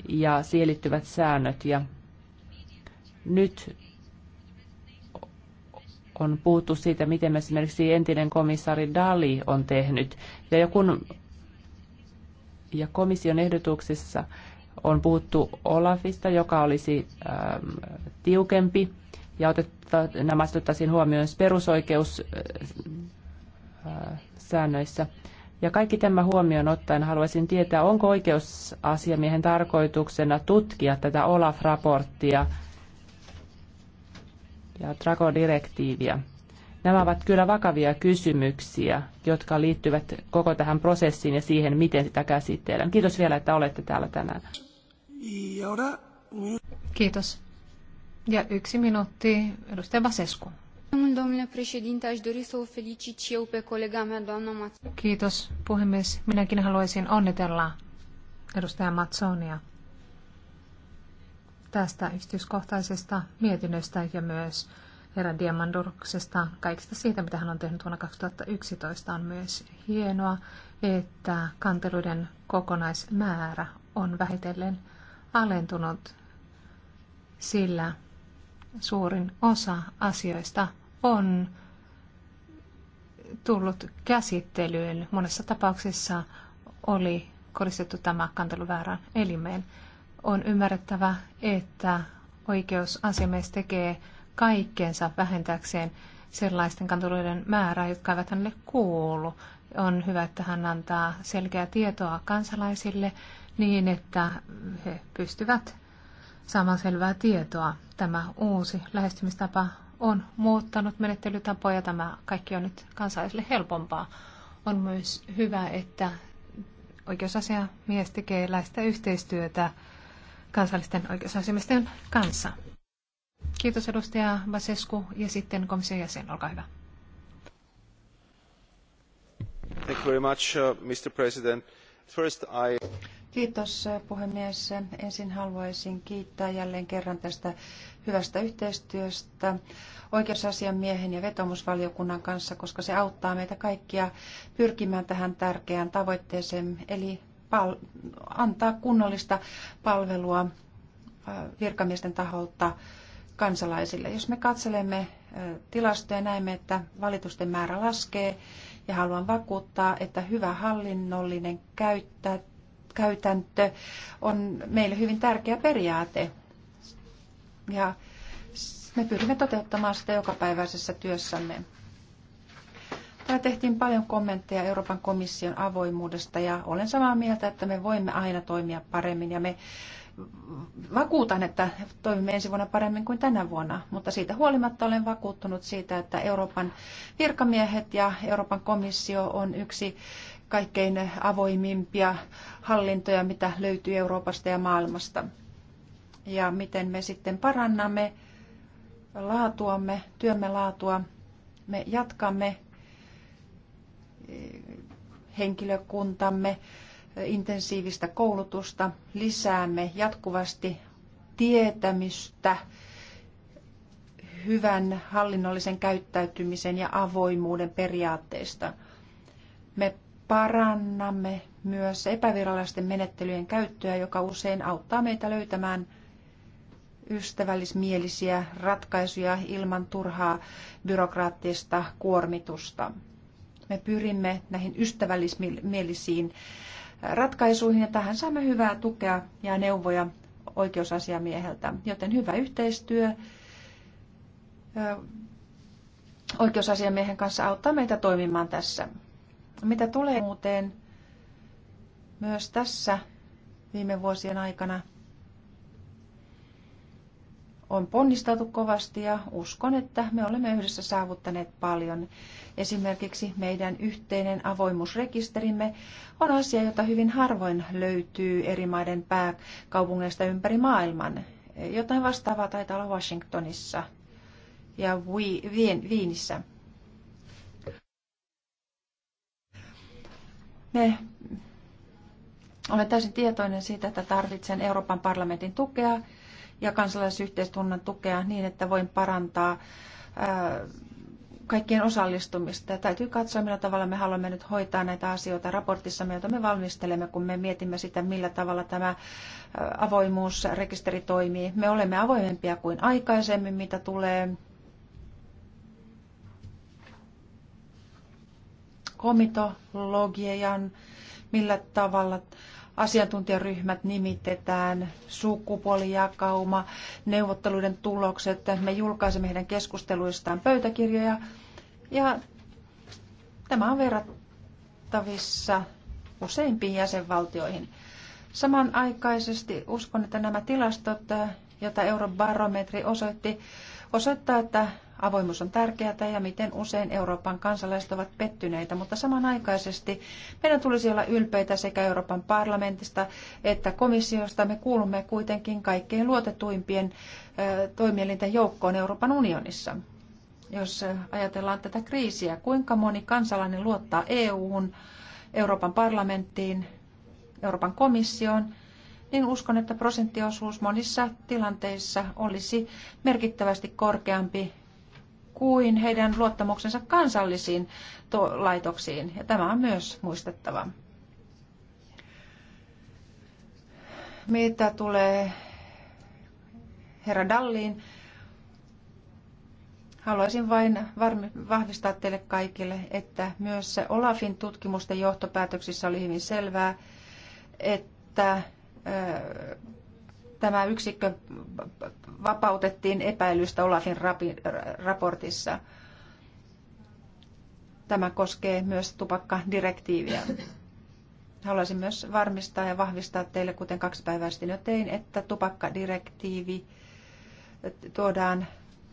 ja siihen liittyvät säännöt. Ja nyt on puhuttu siitä, miten esimerkiksi entinen komissaari Dali on tehnyt. Ja, kun, ja komission ehdotuksessa on puhuttu Olafista, joka olisi ähm, tiukempi ja otetta, nämä otettaisiin huomioon perusoikeussäännöissä. Äh, äh, ja kaikki tämä huomioon ottaen haluaisin tietää, onko oikeusasiamiehen tarkoituksena tutkia tätä Olaf-raporttia ja trakodirektiiviä. Nämä ovat kyllä vakavia kysymyksiä, jotka liittyvät koko tähän prosessiin ja siihen, miten sitä käsitellään. Kiitos vielä, että olette täällä tänään. Kiitos. Ja yksi minuutti, edustaja Basescu. Kiitos puhemies. Minäkin haluaisin onnitella edustaja Matsonia tästä yksityiskohtaisesta mietinnöstä ja myös herra Diamandurksesta, kaikista siitä, mitä hän on tehnyt vuonna 2011, on myös hienoa, että kanteluiden kokonaismäärä on vähitellen alentunut, sillä suurin osa asioista on tullut käsittelyyn. Monessa tapauksessa oli koristettu tämä kantelu väärään elimeen on ymmärrettävä, että oikeusasiamies tekee kaikkeensa vähentääkseen sellaisten kanteluiden määrää, jotka eivät hänelle kuulu. On hyvä, että hän antaa selkeää tietoa kansalaisille niin, että he pystyvät saamaan selvää tietoa. Tämä uusi lähestymistapa on muuttanut menettelytapoja. Tämä kaikki on nyt kansalaisille helpompaa. On myös hyvä, että oikeusasiamies tekee läistä yhteistyötä kansallisten oikeusasiamisten kanssa. Kiitos edustaja Vasescu ja sitten komission jäsen, olkaa hyvä. Thank you very much, uh, Mr. President. First I... Kiitos uh, puhemies. Ensin haluaisin kiittää jälleen kerran tästä hyvästä yhteistyöstä oikeusasiamiehen ja vetomusvaliokunnan kanssa, koska se auttaa meitä kaikkia pyrkimään tähän tärkeään tavoitteeseen, eli pal- antaa kunnollista palvelua äh, virkamiesten taholta kansalaisille. Jos me katselemme äh, tilastoja, näemme, että valitusten määrä laskee ja haluan vakuuttaa, että hyvä hallinnollinen käyttä, käytäntö on meille hyvin tärkeä periaate. Ja me pyrimme toteuttamaan sitä jokapäiväisessä työssämme. Täällä tehtiin paljon kommentteja Euroopan komission avoimuudesta ja olen samaa mieltä, että me voimme aina toimia paremmin ja me vakuutan, että toimimme ensi vuonna paremmin kuin tänä vuonna, mutta siitä huolimatta olen vakuuttunut siitä, että Euroopan virkamiehet ja Euroopan komissio on yksi kaikkein avoimimpia hallintoja, mitä löytyy Euroopasta ja maailmasta. Ja miten me sitten parannamme laatuamme, työmme laatua, me jatkamme henkilökuntamme intensiivistä koulutusta, lisäämme jatkuvasti tietämystä hyvän hallinnollisen käyttäytymisen ja avoimuuden periaatteista. Me parannamme myös epävirallisten menettelyjen käyttöä, joka usein auttaa meitä löytämään ystävällismielisiä ratkaisuja ilman turhaa byrokraattista kuormitusta. Me pyrimme näihin ystävällismielisiin äh, ratkaisuihin ja tähän saamme hyvää tukea ja neuvoja oikeusasiamieheltä. Joten hyvä yhteistyö äh, oikeusasiamiehen kanssa auttaa meitä toimimaan tässä. Mitä tulee muuten myös tässä viime vuosien aikana – on ponnisteltu kovasti ja uskon, että me olemme yhdessä saavuttaneet paljon. Esimerkiksi meidän yhteinen avoimuusrekisterimme on asia, jota hyvin harvoin löytyy eri maiden pääkaupungeista ympäri maailman. Jotain vastaavaa taitaa olla Washingtonissa ja Viinissä. Me olen täysin tietoinen siitä, että tarvitsen Euroopan parlamentin tukea ja kansalaisyhteiskunnan tukea niin, että voin parantaa kaikkien osallistumista. Ja täytyy katsoa, millä tavalla me haluamme nyt hoitaa näitä asioita raportissa, jota me valmistelemme, kun me mietimme sitä, millä tavalla tämä avoimuusrekisteri toimii. Me olemme avoimempia kuin aikaisemmin, mitä tulee komitologian, millä tavalla asiantuntijaryhmät nimitetään, sukupuolijakauma, neuvotteluiden tulokset. Me julkaisemme heidän keskusteluistaan pöytäkirjoja ja tämä on verrattavissa useimpiin jäsenvaltioihin. Samanaikaisesti uskon, että nämä tilastot, joita eurobarometri osoitti, osoittaa, että Avoimuus on tärkeää ja miten usein Euroopan kansalaiset ovat pettyneitä, mutta samanaikaisesti meidän tulisi olla ylpeitä sekä Euroopan parlamentista että komissiosta. Me kuulumme kuitenkin kaikkein luotetuimpien toimielinten joukkoon Euroopan unionissa. Jos ajatellaan tätä kriisiä, kuinka moni kansalainen luottaa EU-hun, Euroopan parlamenttiin, Euroopan komissioon, niin uskon, että prosenttiosuus monissa tilanteissa olisi merkittävästi korkeampi kuin heidän luottamuksensa kansallisiin laitoksiin. Ja tämä on myös muistettava. Mitä tulee herra Dalliin, Haluaisin vain vahvistaa teille kaikille, että myös se Olafin tutkimusten johtopäätöksissä oli hyvin selvää, että tämä yksikkö vapautettiin epäilystä Olafin raportissa. Tämä koskee myös tupakkadirektiiviä. Haluaisin myös varmistaa ja vahvistaa teille, kuten kaksi päivää sitten jo tein, että tupakkadirektiivi tuodaan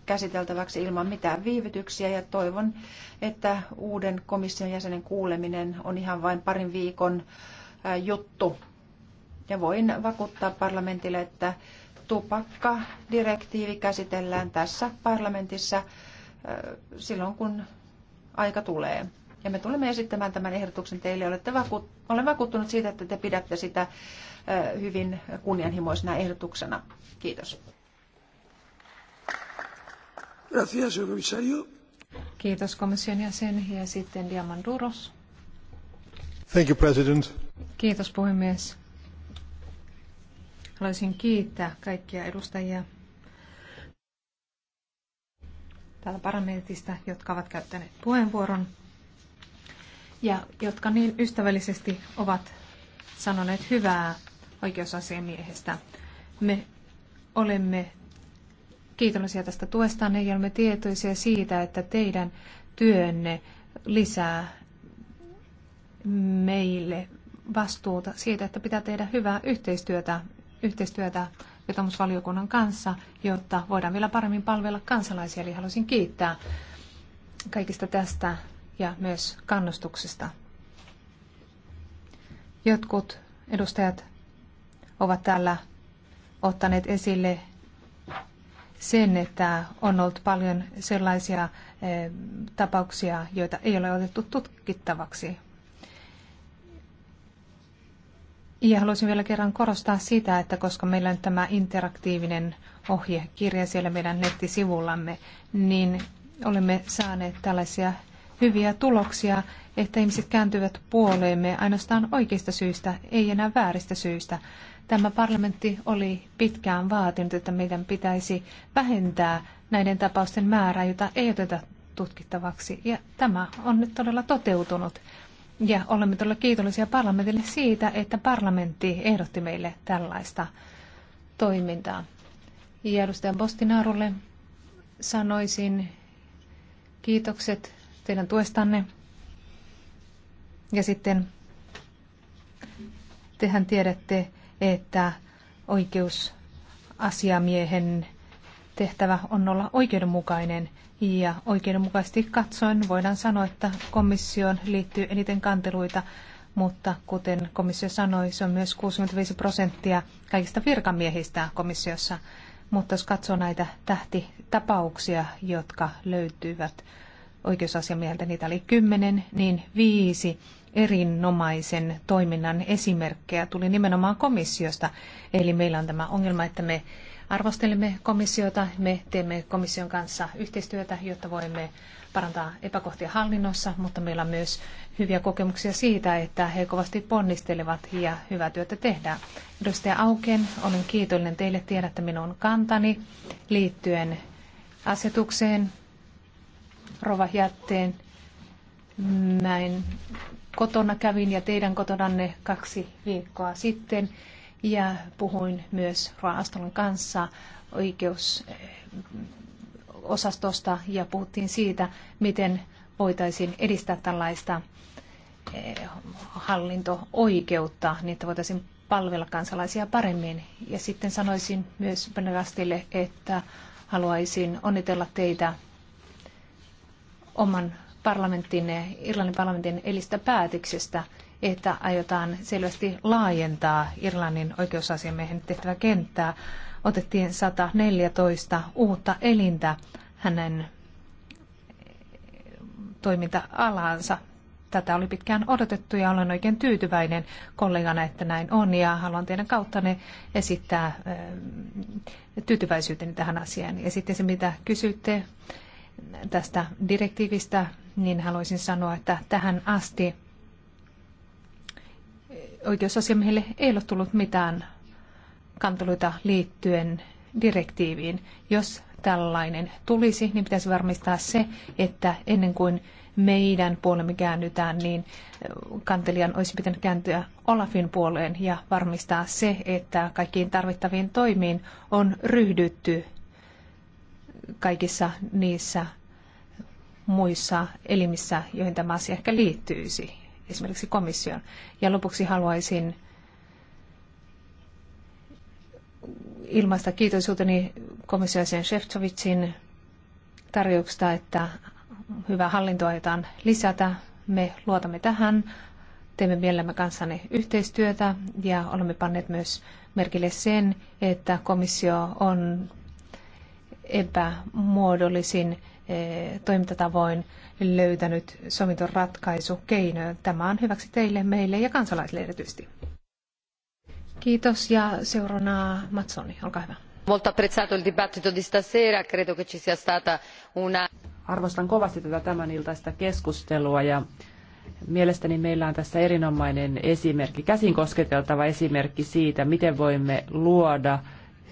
käsiteltäväksi ilman mitään viivytyksiä ja toivon, että uuden komission jäsenen kuuleminen on ihan vain parin viikon juttu ja voin vakuuttaa parlamentille, että tupakkadirektiivi käsitellään tässä parlamentissa silloin, kun aika tulee. Ja me tulemme esittämään tämän ehdotuksen teille. Olette vaku- olen vakuuttunut siitä, että te pidätte sitä hyvin kunnianhimoisena ehdotuksena. Kiitos. Gracias, Kiitos komission jäsen ja sitten Diamanduros. Thank you, President. Kiitos puhemies. Haluaisin kiittää kaikkia edustajia täällä parlamentista, jotka ovat käyttäneet puheenvuoron ja jotka niin ystävällisesti ovat sanoneet hyvää oikeusasiamiehestä. Me olemme kiitollisia tästä tuesta ja olemme tietoisia siitä, että teidän työnne lisää meille vastuuta siitä, että pitää tehdä hyvää yhteistyötä yhteistyötä vetomusvaliokunnan kanssa, jotta voidaan vielä paremmin palvella kansalaisia. Eli haluaisin kiittää kaikista tästä ja myös kannustuksesta. Jotkut edustajat ovat täällä ottaneet esille sen, että on ollut paljon sellaisia eh, tapauksia, joita ei ole otettu tutkittavaksi. Ja haluaisin vielä kerran korostaa sitä, että koska meillä on tämä interaktiivinen ohjekirja siellä meidän nettisivullamme, niin olemme saaneet tällaisia hyviä tuloksia, että ihmiset kääntyvät puoleemme ainoastaan oikeista syistä, ei enää vääristä syistä. Tämä parlamentti oli pitkään vaatinut, että meidän pitäisi vähentää näiden tapausten määrää, jota ei oteta tutkittavaksi. Ja tämä on nyt todella toteutunut. Ja olemme todella kiitollisia parlamentille siitä, että parlamentti ehdotti meille tällaista toimintaa. Ja edustaja Bostinaarulle sanoisin kiitokset teidän tuestanne. Ja sitten tehän tiedätte, että oikeusasiamiehen tehtävä on olla oikeudenmukainen ja oikeudenmukaisesti katsoen voidaan sanoa, että komissioon liittyy eniten kanteluita, mutta kuten komissio sanoi, se on myös 65 prosenttia kaikista virkamiehistä komissiossa. Mutta jos katsoo näitä tähtitapauksia, jotka löytyivät oikeusasiamieheltä, niitä oli kymmenen, niin viisi erinomaisen toiminnan esimerkkejä tuli nimenomaan komissiosta. Eli meillä on tämä ongelma, että me arvostelemme komissiota, me teemme komission kanssa yhteistyötä, jotta voimme parantaa epäkohtia hallinnossa, mutta meillä on myös hyviä kokemuksia siitä, että he kovasti ponnistelevat ja hyvää työtä tehdään. Edustaja Auken, olen kiitollinen teille, tiedätte minun kantani liittyen asetukseen, rovajätteen. Näin kotona kävin ja teidän kotonanne kaksi viikkoa sitten ja puhuin myös Raaston kanssa oikeusosastosta ja puhuttiin siitä, miten voitaisiin edistää tällaista eh, hallinto-oikeutta, niin että voitaisiin palvella kansalaisia paremmin. Ja sitten sanoisin myös Benelastille, että haluaisin onnitella teitä oman parlamenttinne, Irlannin parlamentin elistä päätöksestä, että aiotaan selvästi laajentaa Irlannin oikeusasiamiehen tehtävä kenttää. Otettiin 114 uutta elintä hänen toiminta-alansa. Tätä oli pitkään odotettu ja olen oikein tyytyväinen kollegana, että näin on ja haluan teidän kauttanne esittää eh, tyytyväisyyteni tähän asiaan. Ja sitten se, mitä kysytte tästä direktiivistä, niin haluaisin sanoa, että tähän asti oikeusasiamiehelle ei ole tullut mitään kanteluita liittyen direktiiviin. Jos tällainen tulisi, niin pitäisi varmistaa se, että ennen kuin meidän puolemme käännytään, niin kantelijan olisi pitänyt kääntyä Olafin puoleen ja varmistaa se, että kaikkiin tarvittaviin toimiin on ryhdytty kaikissa niissä muissa elimissä, joihin tämä asia ehkä liittyisi esimerkiksi komission. Ja lopuksi haluaisin ilmaista kiitollisuuteni komissiaisen Shevtsovitsin tarjouksesta, että hyvää hallintoa aiotaan lisätä. Me luotamme tähän, teemme mielellämme kanssanne yhteistyötä ja olemme panneet myös merkille sen, että komissio on epämuodollisin eh, toimintatavoin löytänyt ratkaisu ratkaisukeinoja. Tämä on hyväksi teille, meille ja kansalaisille erityisesti. Kiitos ja seurana Matsoni, olkaa hyvä. Molto apprezzato il dibattito di stasera, credo che ci sia stata una... Arvostan kovasti tätä tämän iltaista keskustelua ja mielestäni meillä on tässä erinomainen esimerkki, käsin kosketeltava esimerkki siitä, miten voimme luoda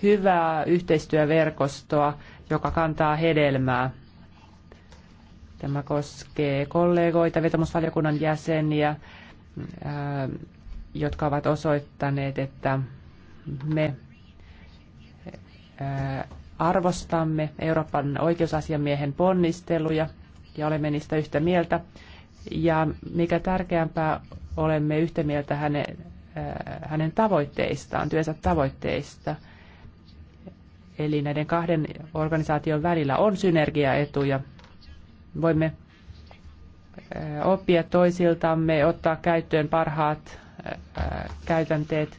hyvää yhteistyöverkostoa, joka kantaa hedelmää Tämä koskee kollegoita, vetomusvaliokunnan jäseniä, jotka ovat osoittaneet, että me arvostamme Euroopan oikeusasiamiehen ponnisteluja ja olemme niistä yhtä mieltä. Ja mikä tärkeämpää, olemme yhtä mieltä hänen, hänen tavoitteistaan, työnsä tavoitteista. Eli näiden kahden organisaation välillä on synergiaetuja voimme oppia toisiltamme, ottaa käyttöön parhaat käytänteet,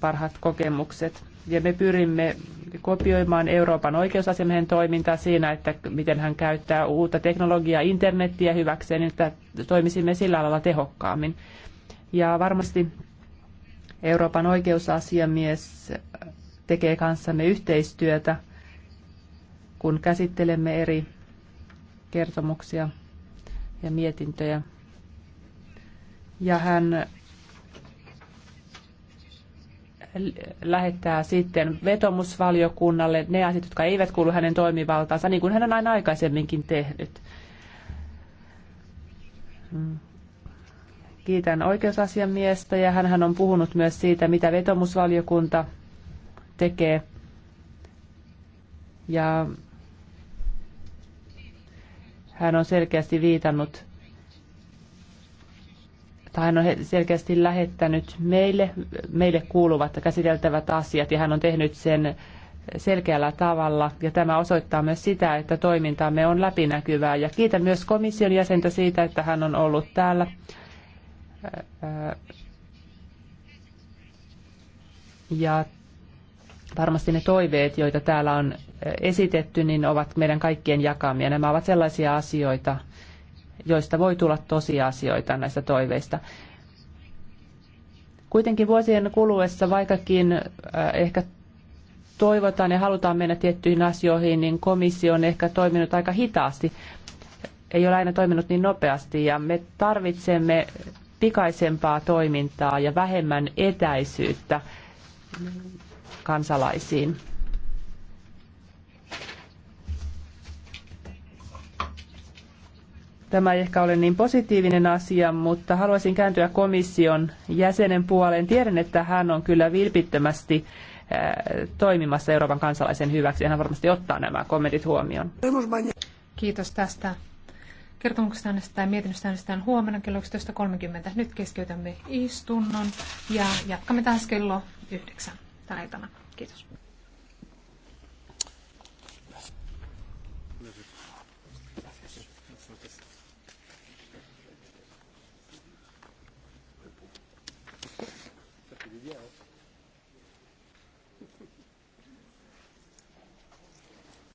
parhaat kokemukset. Ja me pyrimme kopioimaan Euroopan oikeusasiamiehen toimintaa siinä, että miten hän käyttää uutta teknologiaa, internettiä hyväkseen, niin että toimisimme sillä alalla tehokkaammin. Ja varmasti Euroopan oikeusasiamies tekee kanssamme yhteistyötä, kun käsittelemme eri kertomuksia ja mietintöjä. Ja hän lähettää sitten vetomusvaliokunnalle ne asiat, jotka eivät kuulu hänen toimivaltaansa, niin kuin hän on aina aikaisemminkin tehnyt. Kiitän oikeusasiamiestä ja hän on puhunut myös siitä, mitä vetomusvaliokunta tekee. Ja hän on selkeästi viitannut tai hän on selkeästi lähettänyt meille, meille kuuluvat käsiteltävät asiat ja hän on tehnyt sen selkeällä tavalla ja tämä osoittaa myös sitä, että toimintamme on läpinäkyvää ja kiitän myös komission jäsentä siitä, että hän on ollut täällä ja varmasti ne toiveet, joita täällä on eh, esitetty, niin ovat meidän kaikkien jakamia. Nämä ovat sellaisia asioita, joista voi tulla tosiasioita näistä toiveista. Kuitenkin vuosien kuluessa, vaikkakin eh, ehkä toivotaan ja halutaan mennä tiettyihin asioihin, niin komissio on ehkä toiminut aika hitaasti. Ei ole aina toiminut niin nopeasti ja me tarvitsemme pikaisempaa toimintaa ja vähemmän etäisyyttä kansalaisiin. Tämä ei ehkä ole niin positiivinen asia, mutta haluaisin kääntyä komission jäsenen puoleen. Tiedän, että hän on kyllä vilpittömästi äh, toimimassa Euroopan kansalaisen hyväksi. Hän varmasti ottaa nämä kommentit huomioon. Kiitos tästä. Kertomuksesta äänestetään mietinnöstä äänestetään huomenna kello 11.30. Nyt keskeytämme istunnon ja jatkamme taas kello 9 tänä iltana Kiitos.